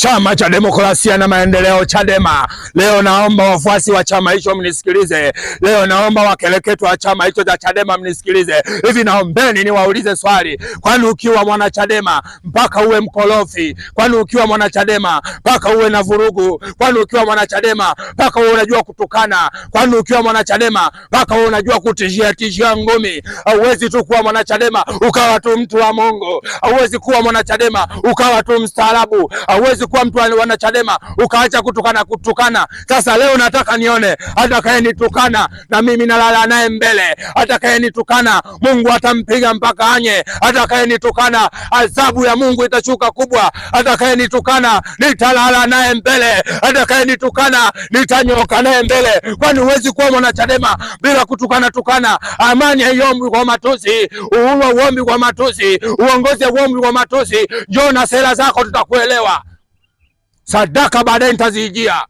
Chama cha Demokrasia na Maendeleo, Chadema. Leo naomba wafuasi wa chama hicho mnisikilize. Leo naomba wakeleketu wa chama hicho cha Chadema mnisikilize. Hivi naombeni niwaulize swali, kwani ukiwa mwana Chadema mpaka uwe mkorofi? Kwani ukiwa mwana Chadema mpaka uwe na vurugu? Kwani ukiwa mwana Chadema mpaka uwe unajua kutukana? Kwani ukiwa mwana Chadema mpaka uwe unajua kutishia tishia ngumi? Hauwezi tu kuwa mwana Chadema ukawa tu mtu wa mongo. Hauwezi kuwa mwana Chadema ukawa tu mstaarabu. Hauwezi ulikuwa mtu Chadema ukaacha kutukana kutukana. Sasa leo nataka nione atakayenitukana na mimi nalala naye mbele. Atakayenitukana Mungu atampiga mpaka anye. Atakayenitukana adhabu ya Mungu itashuka kubwa. Atakayenitukana nitalala naye mbele. Atakayenitukana nitanyoka naye mbele. Kwani huwezi kuwa mwanachadema bila kutukana tukana. Amani haiombi kwa matusi, uhuru hauombi kwa matusi, uongozi hauombi kwa matusi. Jona sera zako, tutakuelewa sadaka baadaye nitazijia.